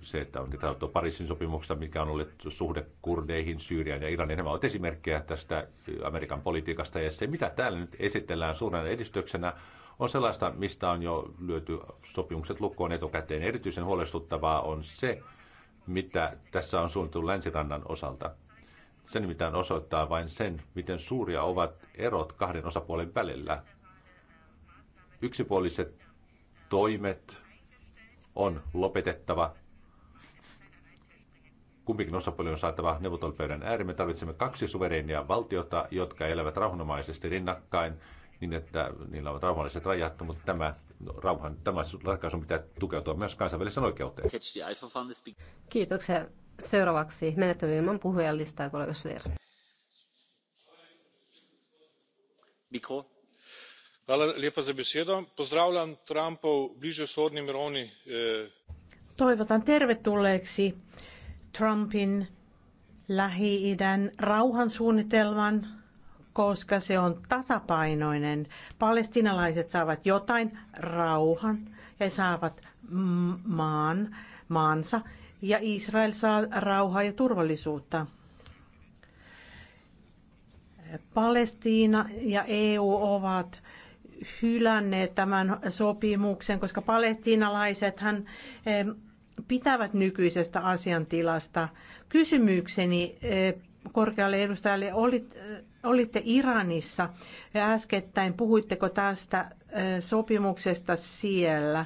Speaker 2: Se, että on tätä Pariisin sopimuksesta, mikä on ollut suhde kurdeihin, Syyriaan ja Iranin Nämä ovat esimerkkejä tästä Amerikan politiikasta. Ja se, mitä täällä nyt esitellään suurena edistyksenä, on sellaista, mistä on jo lyöty sopimukset lukkoon etukäteen. Erityisen huolestuttavaa on se, mitä tässä on suunniteltu länsirannan osalta. Se nimittäin osoittaa vain sen, miten suuria ovat erot kahden osapuolen välillä. Yksipuoliset toimet on lopetettava. Kumpikin osapuoli on saatava neuvottelupöydän ääri Me tarvitsemme kaksi suvereenia valtiota, jotka elävät rauhanomaisesti rinnakkain niin, että niillä on rauhalliset rajat, mutta tämä, rauhan, tämä ratkaisu pitää tukeutua myös kansainväliseen oikeuteen.
Speaker 1: Kiitoksia. Seuraavaksi menettely ilman puhujalistaa, kollega Sver.
Speaker 2: Mikro. Hvala lepa za besedo. Pozdravljam Trumpov sodni mirovni... Eh,
Speaker 4: Toivotan tervetulleeksi Trumpin Lähi-idän rauhansuunnitelman, koska se on tasapainoinen. Palestinalaiset saavat jotain rauhan ja saavat maan, maansa ja Israel saa rauhaa ja turvallisuutta. Palestiina ja EU ovat hylänneet tämän sopimuksen, Palestiinalaiset palestiinalaisethan eh, pitävät nykyisestä asiantilasta. Kysymykseni eh, korkealle edustajalle, olit, eh, olitte Iranissa ja äskettäin puhuitteko tästä sopimuksesta siellä?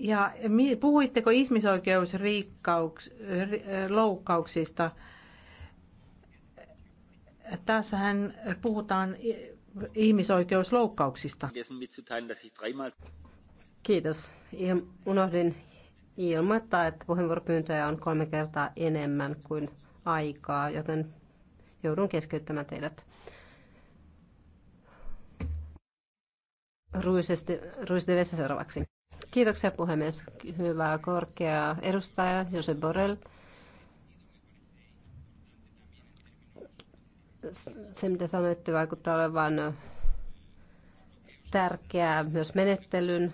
Speaker 4: Ja puhuitteko ihmisoikeusloukkauksista? Tässähän puhutaan ihmisoikeusloukkauksista. Kiitos.
Speaker 1: unohdin ilmoittaa, että puheenvuoropyyntöjä on kolme kertaa enemmän kuin aikaa, joten joudun keskeyttämään teidät. Ruisesti, ruisesti seuraavaksi. Kiitoksia puhemies. Hyvää korkea edustaja Jose Borrell. Se, mitä sanoitte, vaikuttaa olevan tärkeää myös menettelyn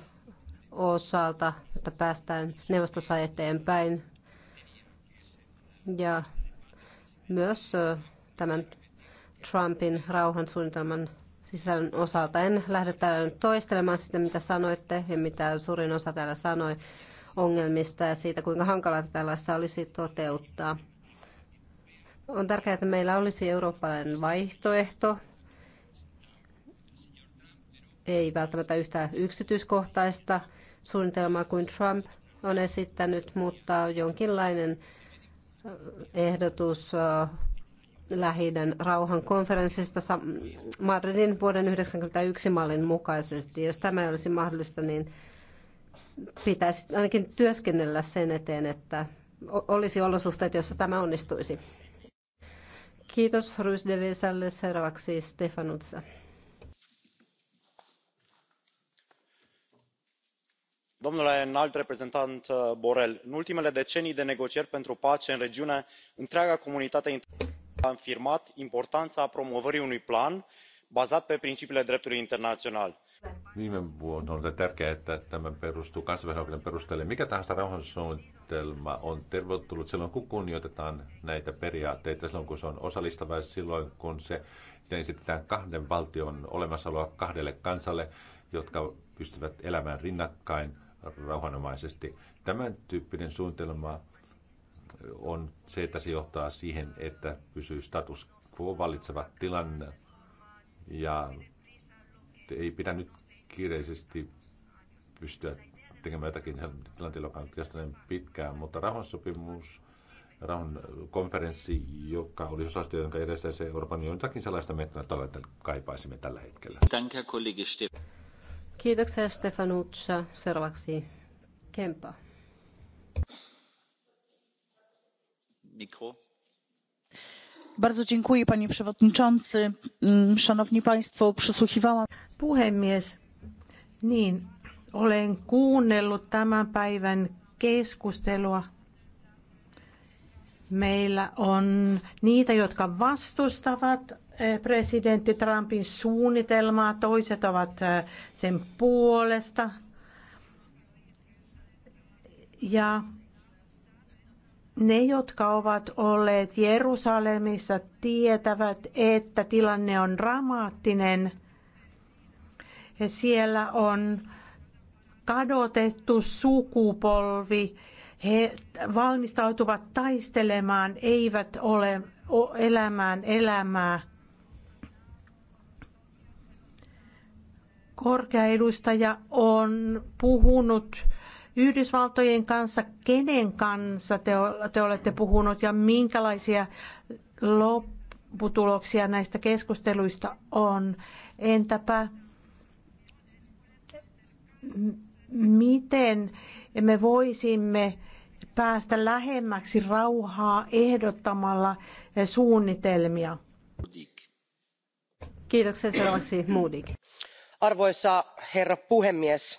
Speaker 1: osalta, että päästään neuvostossa eteenpäin. Ja myös tämän Trumpin rauhansuunnitelman sisällön osalta. En lähde täällä nyt toistelemaan sitä, mitä sanoitte ja mitä suurin osa täällä sanoi ongelmista ja siitä, kuinka hankalaa tällaista olisi toteuttaa. On tärkeää, että meillä olisi eurooppalainen vaihtoehto, ei välttämättä yhtä yksityiskohtaista suunnitelmaa kuin Trump on esittänyt, mutta jonkinlainen ehdotus lähi rauhan konferenssista Madridin vuoden 1991 mallin mukaisesti. Jos tämä ei olisi mahdollista, niin pitäisi ainakin työskennellä sen eteen, että olisi olosuhteet, joissa tämä onnistuisi. Kiitos Ruiz de Vesalle. Seuraavaksi Stefanutsa.
Speaker 2: domnule înalt reprezentant uh, Borel, în ultimele decenii de negocieri pentru pace în regiune întreaga comunitate internațională a confirmat importanța promovării unui plan bazat pe principiile dreptului internațional. Viime vuonna on tärkeää, että tämä perustuu kansainvälisen perusteelle. Mikä tahansa rauhansuunnitelma on tervetullut silloin, kun kunnioitetaan näitä periaatteita, silloin kun se on osallistava silloin kun se esitetään kahden valtion olemassaoloa kahdelle kansalle, jotka pystyvät elämään rinnakkain rauhanomaisesti. Tämän tyyppinen suunnitelma on se, että se johtaa siihen, että pysyy status quo vallitseva tilanne. Ja ei pidä nyt kiireisesti pystyä tekemään jotakin tilanteella, joka on kestänyt pitkään, mutta rauhansopimus, rauhan konferenssi, joka oli osasto, jonka edessä se Euroopan unioni, jotakin sellaista että kaipaisimme tällä hetkellä.
Speaker 1: Kiitoksia Stefanuccia. Seuraavaksi Kempa
Speaker 4: panie przewodniczący! Mm, szanowni państwo! puhemies niin olen kuunnellut tämän päivän keskustelua. Meillä on niitä, jotka vastustavat eh, presidentti Trumpin suunnitelmaa, toiset ovat eh, sen puolesta. Ja ne, jotka ovat olleet Jerusalemissa, tietävät, että tilanne on dramaattinen. Ja siellä on kadotettu sukupolvi. He valmistautuvat taistelemaan, eivät ole elämään elämää. Korkea edustaja on puhunut Yhdysvaltojen kanssa, kenen kanssa te, te olette puhunut ja minkälaisia lopputuloksia näistä keskusteluista on? Entäpä miten me voisimme päästä lähemmäksi rauhaa ehdottamalla suunnitelmia? Kiitoksia seuraavaksi Moodik.
Speaker 5: Arvoisa herra puhemies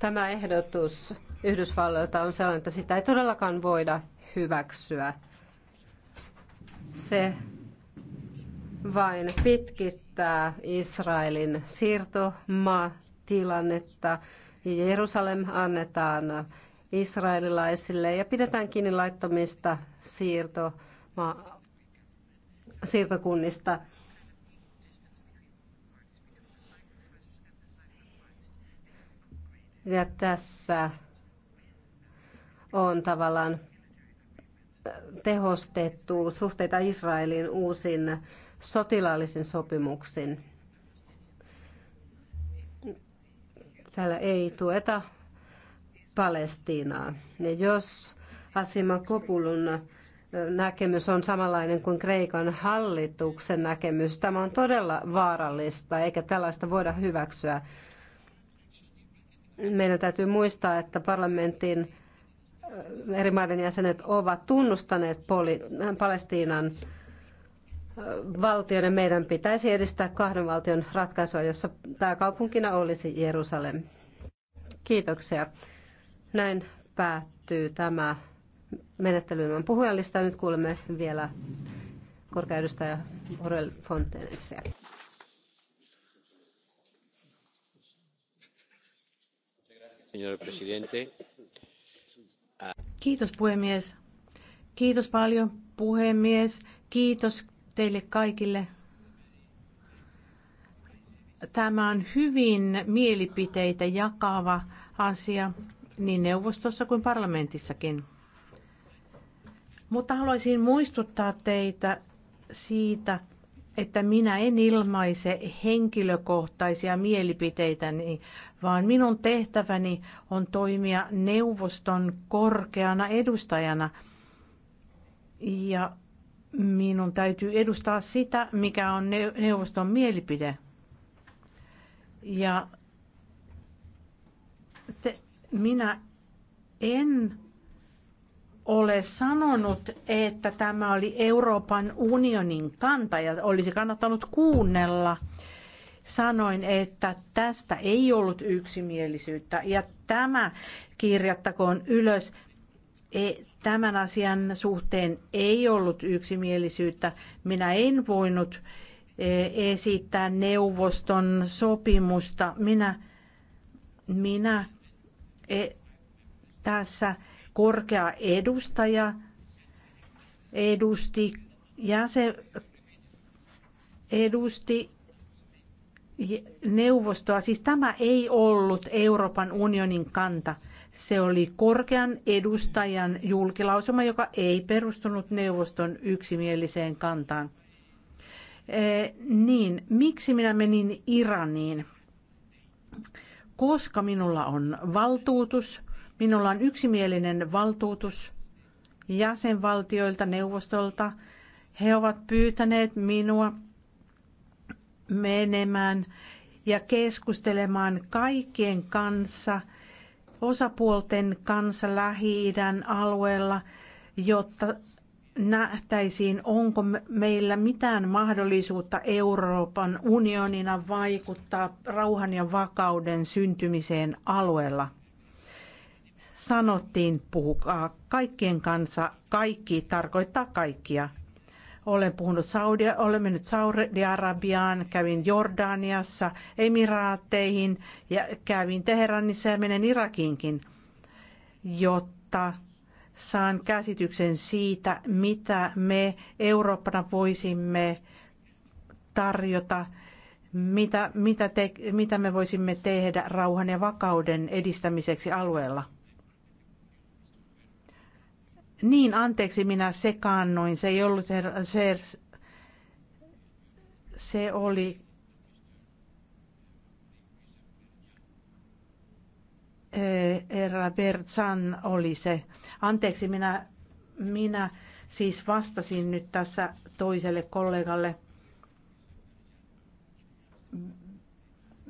Speaker 1: Tämä ehdotus Yhdysvalloilta on sellainen, että sitä ei todellakaan voida hyväksyä. Se vain pitkittää Israelin siirtomaatilannetta. Jerusalem annetaan israelilaisille ja pidetään kiinni laittomista siirtomaa, siirtokunnista. Ja tässä on tavallaan tehostettu suhteita Israelin uusin sotilaallisin sopimuksin. Täällä ei tueta Palestiinaa. Ja jos Asima Kopulun näkemys on samanlainen kuin Kreikan hallituksen näkemys, tämä on todella vaarallista, eikä tällaista voida hyväksyä meidän täytyy muistaa, että parlamentin äh, eri maiden jäsenet ovat tunnustaneet poli- Palestiinan äh, valtion ja meidän pitäisi edistää kahden valtion ratkaisua, jossa pääkaupunkina olisi Jerusalem. Kiitoksia. Näin päättyy tämä menettely ilman puhujalista. Nyt kuulemme vielä korkeaedustaja Orel Fontenessia.
Speaker 4: Kiitos puhemies. Kiitos paljon puhemies. Kiitos teille kaikille. Tämä on hyvin mielipiteitä jakava asia niin neuvostossa kuin parlamentissakin. Mutta haluaisin muistuttaa teitä siitä, että minä en ilmaise henkilökohtaisia mielipiteitäni, vaan minun tehtäväni on toimia neuvoston korkeana edustajana. Ja minun täytyy edustaa sitä, mikä on neuvoston mielipide. Ja te, minä en ole sanonut, että tämä oli Euroopan unionin kanta ja olisi kannattanut kuunnella. Sanoin, että tästä ei ollut yksimielisyyttä ja tämä kirjattakoon ylös. E, tämän asian suhteen ei ollut yksimielisyyttä. Minä en voinut e, esittää neuvoston sopimusta. Minä, minä e, tässä korkea edustaja edusti ja se edusti neuvostoa. Siis tämä ei ollut Euroopan unionin kanta. Se oli korkean edustajan julkilausuma, joka ei perustunut neuvoston yksimieliseen kantaan. Ee, niin, miksi minä menin Iraniin? Koska minulla on valtuutus Minulla on yksimielinen valtuutus jäsenvaltioilta, neuvostolta. He ovat pyytäneet minua menemään ja keskustelemaan kaikkien kanssa, osapuolten kanssa Lähi-idän alueella, jotta nähtäisiin, onko meillä mitään mahdollisuutta Euroopan unionina vaikuttaa rauhan ja vakauden syntymiseen alueella sanottiin, puhukaa kaikkien kanssa, kaikki tarkoittaa kaikkia. Olen puhunut Saudi, olen mennyt Saudi-Arabiaan, kävin Jordaniassa, Emiraatteihin ja kävin Teheranissa ja menen Irakiinkin, jotta saan käsityksen siitä, mitä me Eurooppana voisimme tarjota, mitä, mitä, te, mitä me voisimme tehdä rauhan ja vakauden edistämiseksi alueella. Niin, anteeksi, minä sekaannuin. Se ei ollut herra, se, se oli herra Bertsan oli se. Anteeksi, minä, minä siis vastasin nyt tässä toiselle kollegalle.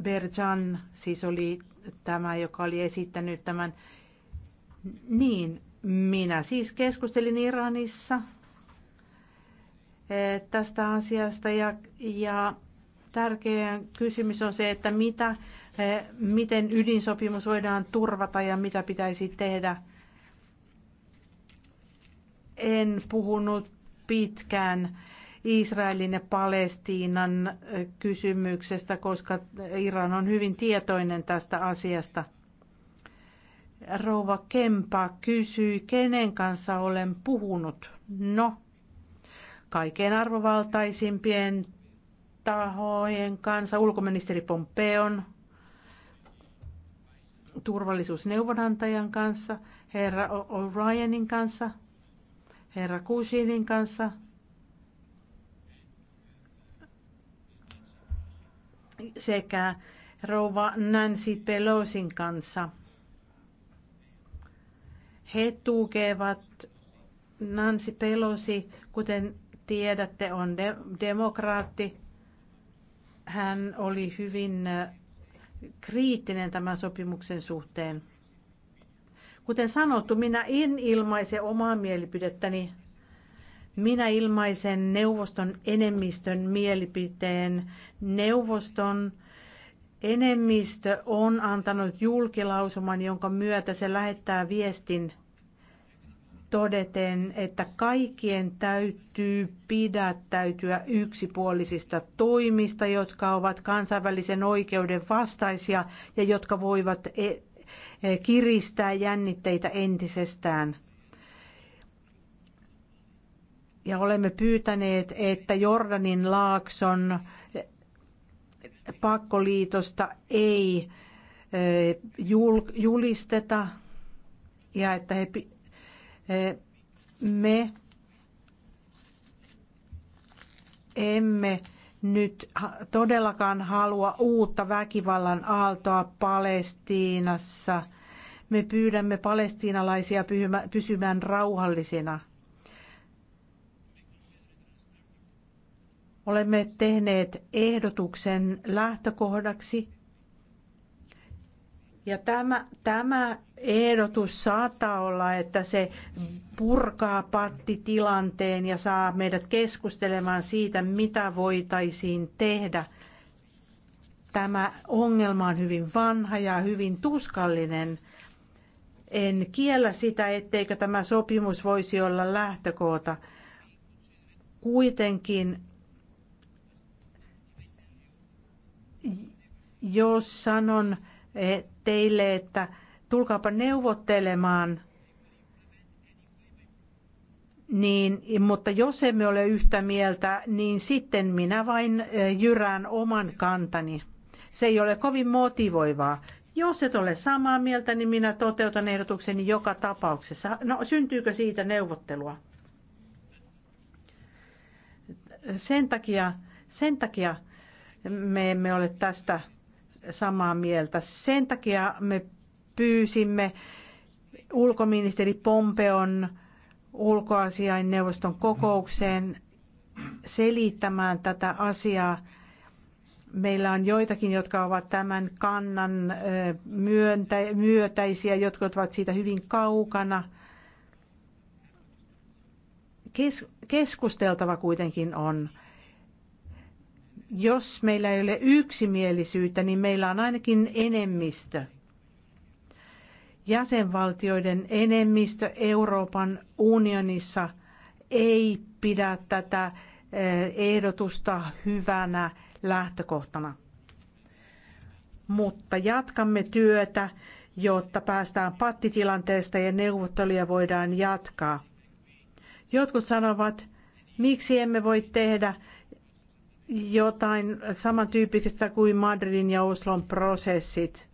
Speaker 4: Berjan siis oli tämä, joka oli esittänyt tämän. Niin, minä siis keskustelin Iranissa eh, tästä asiasta ja, ja tärkeä kysymys on se, että mitä, eh, miten ydinsopimus voidaan turvata ja mitä pitäisi tehdä. En puhunut pitkään Israelin ja Palestiinan eh, kysymyksestä, koska Iran on hyvin tietoinen tästä asiasta – Rouva Kempa kysyi, kenen kanssa olen puhunut. No, kaikkein arvovaltaisimpien tahojen kanssa, ulkoministeri Pompeon, turvallisuusneuvonantajan kanssa, herra O'Ryanin kanssa, herra Kusinin kanssa, sekä rouva Nancy Pelosin kanssa – he tukevat Nancy Pelosi, kuten tiedätte, on de- demokraatti. Hän oli hyvin äh, kriittinen tämän sopimuksen suhteen. Kuten sanottu, minä en ilmaise omaa mielipidettäni. Minä ilmaisen neuvoston enemmistön mielipiteen. Neuvoston enemmistö on antanut julkilausuman, jonka myötä se lähettää viestin todeten, että kaikkien täytyy pidättäytyä yksipuolisista toimista, jotka ovat kansainvälisen oikeuden vastaisia ja jotka voivat e, e, kiristää jännitteitä entisestään. Ja olemme pyytäneet, että Jordanin laakson pakkoliitosta ei e, julisteta ja että he me emme nyt todellakaan halua uutta väkivallan aaltoa Palestiinassa. Me pyydämme palestiinalaisia pysymään rauhallisina. Olemme tehneet ehdotuksen lähtökohdaksi, ja tämä, tämä ehdotus saattaa olla, että se purkaa pattitilanteen ja saa meidät keskustelemaan siitä, mitä voitaisiin tehdä. Tämä ongelma on hyvin vanha ja hyvin tuskallinen. En kiellä sitä, etteikö tämä sopimus voisi olla lähtökoota. Kuitenkin, jos sanon, teille, että tulkaapa neuvottelemaan, niin, mutta jos emme ole yhtä mieltä, niin sitten minä vain eh, jyrään oman kantani. Se ei ole kovin motivoivaa. Jos et ole samaa mieltä, niin minä toteutan ehdotukseni joka tapauksessa. No, syntyykö siitä neuvottelua? Sen takia, sen takia me emme ole tästä samaa mieltä. Sen takia me pyysimme ulkoministeri Pompeon ulkoasiainneuvoston kokoukseen selittämään tätä asiaa. Meillä on joitakin, jotka ovat tämän kannan myöntä, myötäisiä, jotkut ovat siitä hyvin kaukana. Kes, keskusteltava kuitenkin on jos meillä ei ole yksimielisyyttä, niin meillä on ainakin enemmistö. Jäsenvaltioiden enemmistö Euroopan unionissa ei pidä tätä eh, ehdotusta hyvänä lähtökohtana. Mutta jatkamme työtä, jotta päästään pattitilanteesta ja neuvotteluja voidaan jatkaa. Jotkut sanovat, miksi emme voi tehdä jotain samantyyppistä kuin Madridin ja Oslon prosessit.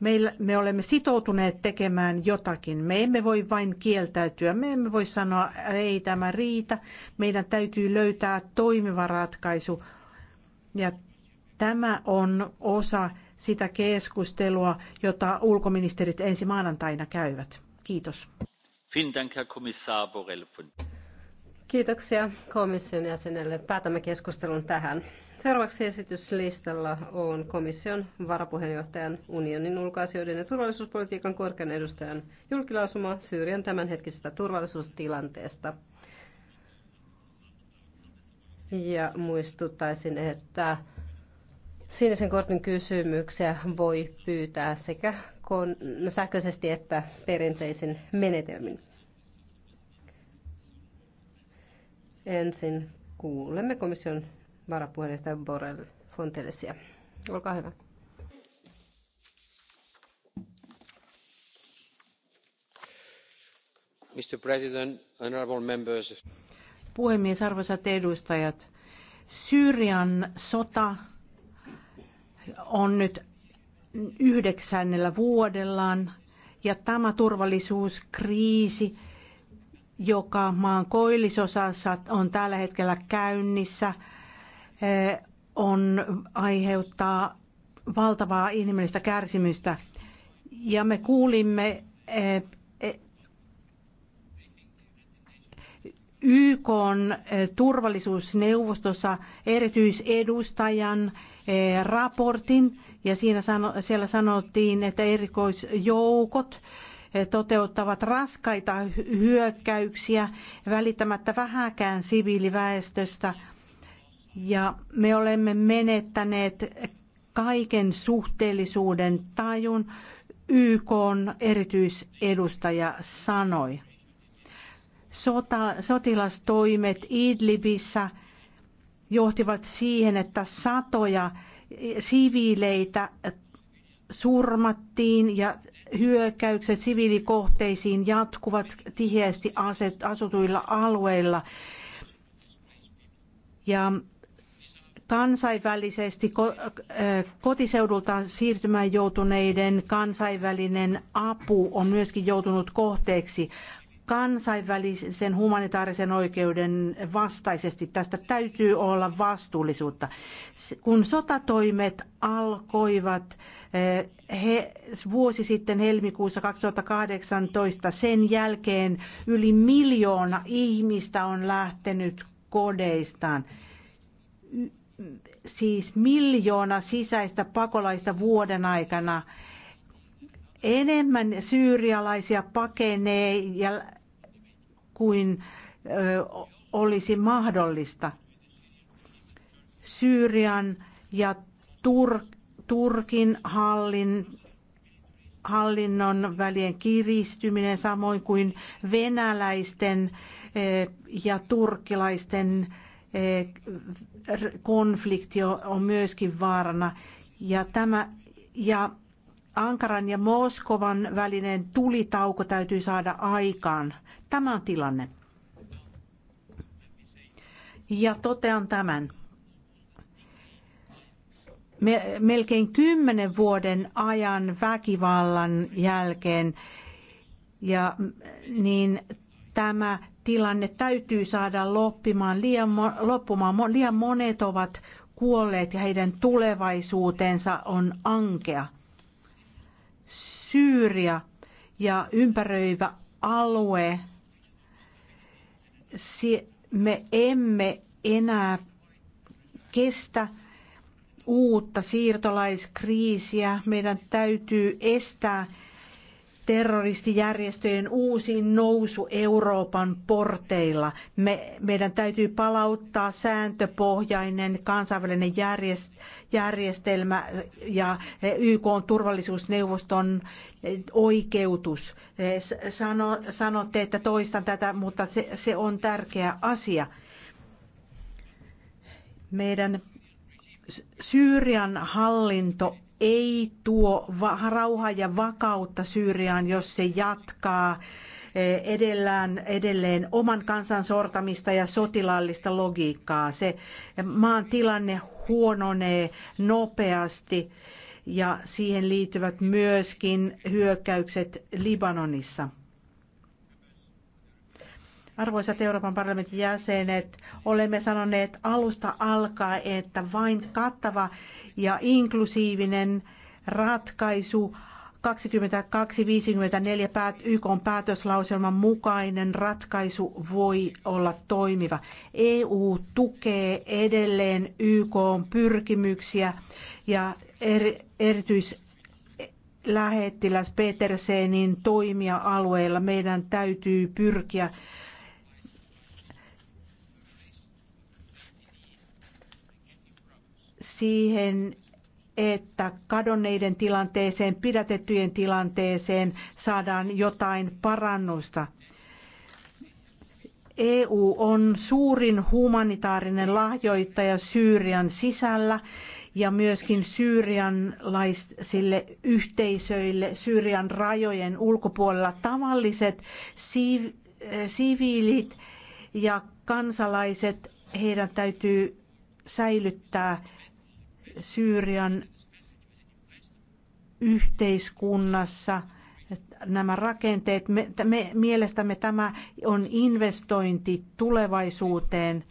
Speaker 4: Meillä, me olemme sitoutuneet tekemään jotakin. Me emme voi vain kieltäytyä. Me emme voi sanoa, että ei tämä riitä. Meidän täytyy löytää toimiva ratkaisu. Ja tämä on osa sitä keskustelua, jota ulkoministerit ensi maanantaina käyvät. Kiitos.
Speaker 3: Vielen Herr Kommissar Borrell.
Speaker 4: Kiitoksia komission
Speaker 1: jäsenelle. Päätämme keskustelun tähän. Seuraavaksi esityslistalla on komission varapuheenjohtajan unionin ulkoasioiden ja turvallisuuspolitiikan korkean edustajan julkilausuma Syyrian tämänhetkisestä turvallisuustilanteesta. Ja muistuttaisin, että sinisen kortin kysymyksiä voi pyytää sekä sähköisesti että perinteisin menetelmin. Ensin kuulemme komission varapuheenjohtaja Borrell Fontelesia. Olkaa hyvä.
Speaker 3: Mr. President, honorable members.
Speaker 4: Puhemies, arvoisat edustajat. Syyrian sota on nyt yhdeksännellä vuodellaan ja tämä turvallisuuskriisi – joka maan koillisosassa on tällä hetkellä käynnissä, eh, on aiheuttaa valtavaa inhimillistä kärsimystä. Ja me kuulimme eh, eh, YK on turvallisuusneuvostossa erityisedustajan raportin ja siinä sano, siellä sanottiin, että erikoisjoukot toteuttavat raskaita hyökkäyksiä välittämättä vähäkään siviiliväestöstä. Ja me olemme menettäneet kaiken suhteellisuuden tajun, YK erityisedustaja sanoi. Sota, sotilastoimet Idlibissä johtivat siihen, että satoja siviileitä surmattiin ja hyökkäykset siviilikohteisiin jatkuvat tiheästi asutuilla alueilla. Ja kansainvälisesti kotiseudultaan siirtymään joutuneiden kansainvälinen apu on myöskin joutunut kohteeksi kansainvälisen humanitaarisen oikeuden vastaisesti. Tästä täytyy olla vastuullisuutta. Kun sotatoimet alkoivat eh, he, vuosi sitten helmikuussa 2018, sen jälkeen yli miljoona ihmistä on lähtenyt kodeistaan siis miljoona sisäistä pakolaista vuoden aikana. Enemmän syyrialaisia pakenee ja kuin olisi mahdollista. Syyrian ja Tur- Turkin hallin, hallinnon välien kiristyminen, samoin kuin venäläisten ja turkkilaisten konflikti on myöskin vaarana. Ja, tämä, ja Ankaran ja Moskovan välinen tulitauko täytyy saada aikaan tämä on tilanne. Ja totean tämän. Me, melkein kymmenen vuoden ajan väkivallan jälkeen, ja, niin tämä tilanne täytyy saada loppimaan. Liian, loppumaan. Liian monet ovat kuolleet ja heidän tulevaisuutensa on ankea. Syyria ja ympäröivä alue me emme enää kestä uutta siirtolaiskriisiä. Meidän täytyy estää terroristijärjestöjen uusi nousu Euroopan porteilla. Me, meidän täytyy palauttaa sääntöpohjainen kansainvälinen järjest, järjestelmä ja YK on turvallisuusneuvoston oikeutus. Sano, sanotte, että toistan tätä, mutta se, se on tärkeä asia. Meidän Syyrian hallinto ei tuo rauhaa ja vakautta Syyriaan, jos se jatkaa eh, edellään, edelleen oman kansan sortamista ja sotilaallista logiikkaa. Se maan tilanne huononee nopeasti ja siihen liittyvät myöskin hyökkäykset Libanonissa – Arvoisat Euroopan parlamentin jäsenet, olemme sanoneet alusta alkaen, että vain kattava ja inklusiivinen ratkaisu 2254 päät, YK on päätöslauselman mukainen ratkaisu voi olla toimiva. EU tukee edelleen YK on pyrkimyksiä ja er, erityislähettiläs Petersenin toimia alueella. Meidän täytyy pyrkiä siihen, että kadonneiden tilanteeseen, pidätettyjen tilanteeseen saadaan jotain parannusta. EU on suurin humanitaarinen lahjoittaja Syyrian sisällä ja myöskin syyrianlaisille yhteisöille Syyrian rajojen ulkopuolella tavalliset siiv- eh, siviilit ja kansalaiset, heidän täytyy säilyttää Syyrian yhteiskunnassa nämä rakenteet. Me, me, mielestämme tämä on investointi tulevaisuuteen.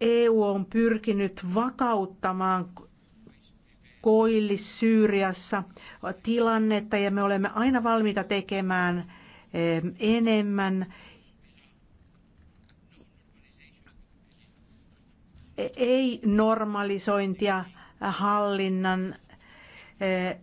Speaker 4: EU on pyrkinyt vakauttamaan Koillis-Syyriassa tilannetta ja me olemme aina valmiita tekemään eh, enemmän ei normalisointia hallinnan eh,